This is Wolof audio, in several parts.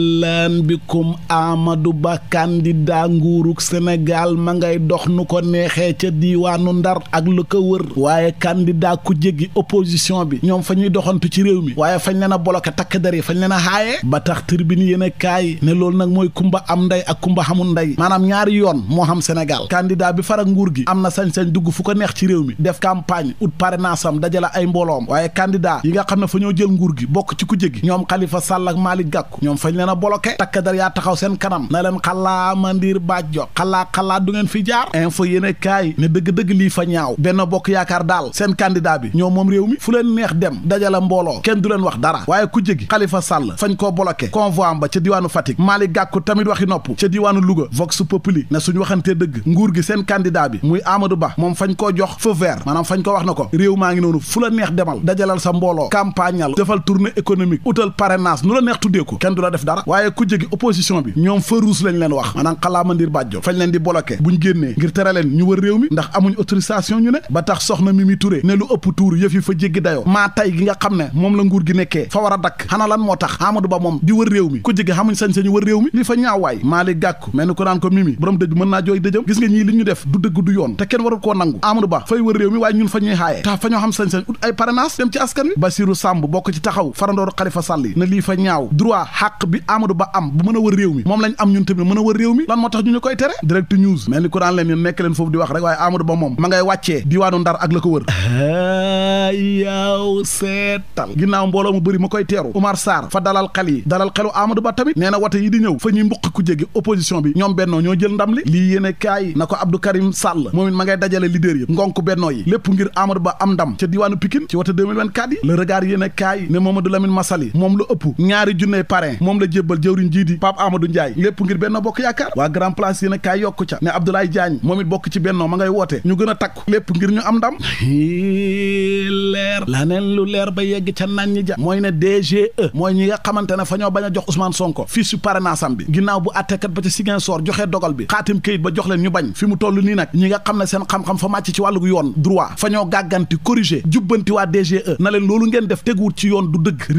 ahlan bikum Amadou Ba candidat nguurug Sénégal ma ngay dox nu ko neexee ca diiwaanu Ndar ak lu ko wër waaye candidat ku jéggi opposition bi ñoom fa ñuy doxantu ci réew mi waaye fañ leen a bloqué takk der fañ leen a xaaye ba tax tribune yéen a kaay ne loolu nag mooy kumba am ndey ak kumba xamul ndey maanaam ñaari yoon moo xam Sénégal candidat bi farak nguur gi am na sañ-sañ dugg fu ko neex ci réew mi def campagne ut parrainage am dajale ay mbooloom waaye candidat yi nga xam fa ñoo jël nguur gi bokk ci ku a bloqué takk dar yaa taxaw seen kanam na leen xalaa mandiir baaj jo xalaa xalaa du ngeen fi jaar info yéene kaay ne dëgg-dëgg lii fa ñaaw benn bokk yaakaar daal seen candidat bi ñoo moom réew mi fu leen neex dem dajale mbooloo kenn du leen wax dara waaye ku jégi Khalifa Sall fañ koo bloqué convoi am ba ca diwaanu Fatick Malick Gakou tamit waxi nopp ca diwaanu Louga Vox Populi ne suñ waxantee dëgg nguur gi seen candidat bi muy Amadou Ba moom fañ koo maanaam ko wax na ko réew maa ngi noonu fu la neex demal dajalal sa mbooloo campagnal defal tournée économique utal parrainage nu la neex tuddee ko def dara waaye ku jegi opposition bi ñoom faruus lañ leen wax maanaam xalaamandir bàjjo fañ leen di bloqué bu génnee ngir tere leen ñu wër réew mi ndax amuñ autorisation ñu ne ba tax soxna Mimi Touré ne lu ëpp tuur yëf yi fa jéggi dayoo maa tay gi nga xam ne moom la nguur gi nekkee fa war a dakk xana lan moo tax Amadou Ba moom di wër réew mi ku jegi xamuñ sañ sañu wër réew mi li fa ñaawaay Malick Gakou mel ni ko naan ko Mimi borom dëj mën naa jooy dëjëm gis nga ñii li ñu def du dëgg du yoon te kenn warul koo nangu Amadou Ba fay wër réew mi waaye ñun fa ñuy xaayee tax fa ñoo xam sañ-sañ ut ay parrainage dem ci askan wi Bassirou Samb bokk na lii fa ñaaw droit xàq bi Amadou Ba am bu mën a wër réew mi moom lañ am ñun tamit mën a wër réew mi lan moo tax ñu koy tere direct news ni ku daan leen ñu nekk leen foofu di wax rek waaye Amadou Ba moom ma ngay wàccee diwaanu la ko wër mu bëri ma koy teeru Oumar Sarr fa dalal xel yi dalal xelu Amadou Ba tamit nee na wate yi di ñëw fa ñuy mbuq ku jege opposition bi ñoom bennoo ñoo jël ndam li lii yéene kaay na ko Abdou Sall moom it ma dajale leader yi ngonk bennoo yi lépp ngir Amadou Ba am ndam ca diwaanu Pikine ci wate 2024 yi le regard yéene kaay ne moom lu ëpp ñaari junne parrain moom la jébbal jëwriñ jii di Pape Amadou Ndiaye lépp ngir Benno Bokk Yaakaar waa grand place yéen a kaay yokku ca ne Abdoulaye Diagne moom it bokk ci Benno ma ngay woote ñu gën takku lépp ngir ñu am ndam leer la neen lu leer ba yegg ca nan ñi ja mooy ne DGE mooy ñi nga xamante ne fa ñoo bañ a jox Ousmane Sonko fii su parrainage bi ginnaaw bu attekat ba ca Ziguinchor joxee dogal bi xaatim këyit ba jox leen ñu bañ fi mu toll nii nag ñi nga xam ne seen xam-xam fa màcc ci wàllu yoon droit fa ñoo gàgganti corrigé jubbanti waa e na leen loolu ngeen def teguwut ci yoon du dëgg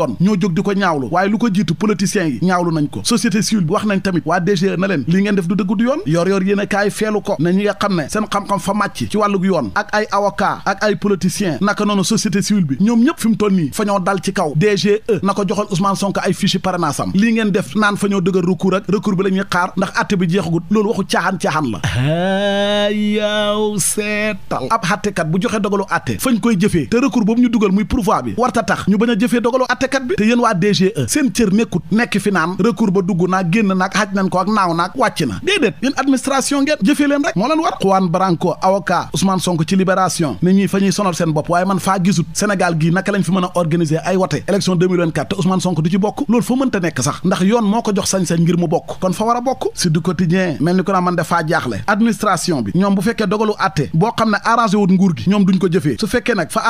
yoon ñoo jóg di ko ñaawlu waaye lu ko jiitu politiciens yi ñaawlu nañ ko société civile bi wax nañ tamit waa DGE na leen li ngeen def du dëgg yoon yor yor yéen a kaay feelu ko ne ñi nga xam ne seen xam-xam fa màcc ci wàllug yoon ak ay avocat ak ay politiciens naka noonu société civile bi ñoom ñëpp fi mu toll nii fa ñoo dal ci kaw DGE na ko joxoon Ousmane Sonko ay fiche parrainage am lii ngeen def naan fa ñoo dëgër recours ak recours bi la ñuy xaar la yaw seetal ab bu joxe dogalu atte fañ koy jëfee te recours boobu ñu dugal muy kat bi te yéen waa DGE seen cër nekkut nekk fi naan recours ba dugg naag génn naag xaj nañ ko ak naaw naag wàcc na déedéet yéen administration ngeen jëfee leen rek moo leen war Juan Branco avocat Ousmane Sonko ci libération ne ñuy fa ñuy sonal seen bopp waaye man faa gisut Sénégal gii naka lañ fi mën a organiser ay wote élection 2024 te Ousmane Sonko du ci bokk loolu fa mënta nekk sax ndax yoon moo ko jox sañ-sañ ngir mu bokk kon fa war a bokk si du quotidien mel ni ko naa man dafaa jaaxle administration bi ñoom bu ko jëfee su fekkee nag fa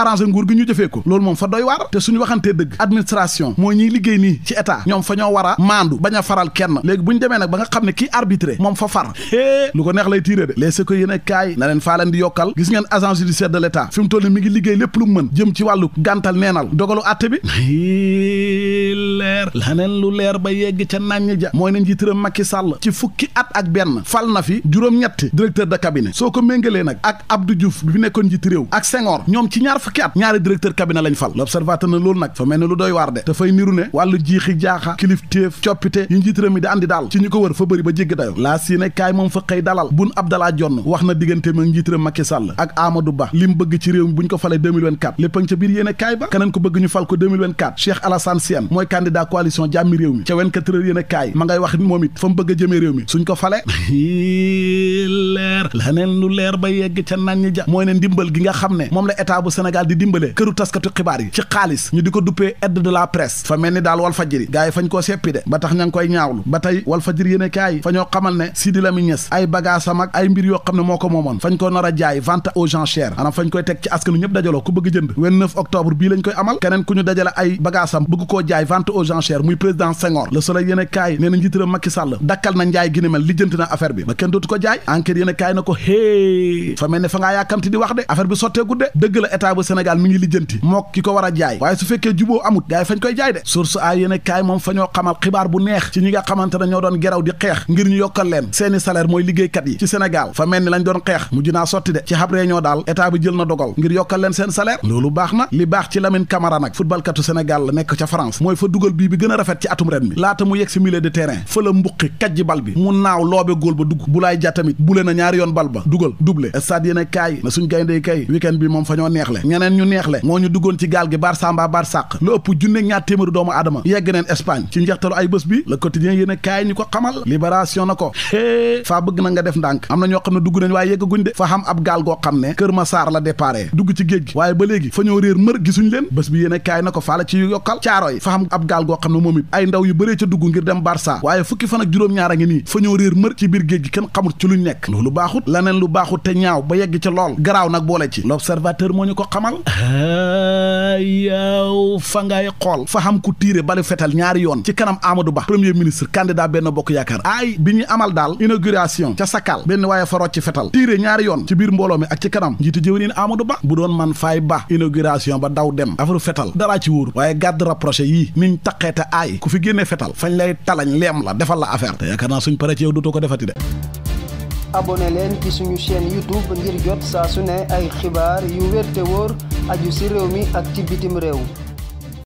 administration mooy ñiy liggéey nii ci état ñoom fa ñoo war maandu bañ faral kenn léegi bu ñu nag ba nga xam ne kii arbitré moom fa far é lu ko neex lay tiiré de les ko yéen kaay na leen faa di yokkal gis ngeen agence judiciaire de l' état fi mi ngi liggéey lépp lu mën jëm ci wàllu gàntal neenal dogalu àtte bi leer laneen lu leer ba yegg ca naññ ja moo nañ ji tëram Macky Sall ci fukki at ak benn fal na fi juróom-ñetti directeur de cabinet soo ko méngalee nag ak Abdou Diouf bi nekkoon njiit réew ak Senghor ñoom ci ñaar fukki at ñaari directeur cabinet lañ fal doy waar de dafay niru ne wàllu jiixi jaaxa kilif coppite yi njiit mi di andi daal ci ñu ko wër fa bëri ba jéggi dayo laa si kaay moom fa xëy dalal bun Abdallah Jonn wax na diggante ma njiit réew Macky ak Amadou Ba lim bëgg ci réew mi bu ko falee 2024 a ngi ca biir yéene kaay ba keneen ko bëgg ñu fal ko 2024 Cheikh Alassane mooy candidat coalition jàmmi réew mi ca 24 heures yéene kaay ma ngay wax moom it fa mu bëgg a réew mi suñ ko la neen lu di dimbale këru taskatu code de la presse fa mel ni daal wal fajiri gars yi fañ koo seppi de ba tax ña koy ñaawlu ba tey wal fajiri kaay fa xamal ne Sidi Lamine Niass ay bagage am ay mbir yoo xam ne moo ko moomoon fañ ko nar a jaay waaye su fekkee juboo amut gars yi fañ koy jaay de source a yéen kaay moom fa ñoo xamal xibaar bu neex ci ñi nga xamante ne ñoo doon geraw di xeex ngir ñu yokkal leen seeni salaire mooy liggéeykat yi ci Sénégal fa mel ni lañ doon xeex mujj naa sotti de ci xab réunion daal état bi jël na dogal ngir yokkal leen seen salaire loolu baax na li baax ci Lamine Camara nag footballkatu Sénégal la nekk ca France mooy fa dugal bii bi gën a rafet ci atum ren bi laata mu yegg si milieu de terrain fa la bal bi mu naaw loobe góol ba dugg bu laay tamit bule na ñaari yoon bal ba dugal doublé stade yéen kaay na suñ gayndey kay week bi moom fa ñoo neexle ñeneen ñu neexle moo ñu duggoon ci gaal gi Barça mbaa Barsàq junne ñaar téeméeri doomu aadama yegg neen Espagne ci njeextalu ay bés bi le quotidien yéen a kaay ñu ko xamal libération na ko faa bëgg na nga def ndànk am na ñoo xam ne dugg nañ waaye yeggaguñ de fa xam ab gaal goo xam ne Kër Masaar la déparé dugg ci géej gi waaye ba léegi fa ñoo réer mër gisuñ leen bés bi yéen a kaay na ko faala ci yokkal caaro yi fa xam ab gaal goo xam ne moom it ay ndaw yu bëree ca dugg ngir dem Barça waaye fukki fan juróom a xool fa xam ku tiire bali fetal ñaari yoon ci kanam Amadou Ba premier ministre candidat benn bokk yaakaar ay bi ñuy amal daal inauguration ca Sakal benn waaye fa rocc fetal tiire ñaari yoon ci biir mbooloo mi ak ci kanam njiitu jëwriñ Amadou Ba bu doon man faay ba inauguration ba daw dem affaire fetal daraa ci wóoru waaye garde rapproché yii niñ taqeete aay ku fi génne fetal fañ lay talañ leem la defal la affaire te yaakaar naa suñ pare ci yow dootoo ko defati de abonné leen ci suñu chaîne YouTube ngir jot saa su ne xibaar yu wér te wóor aju ci réew ak ci bitim réew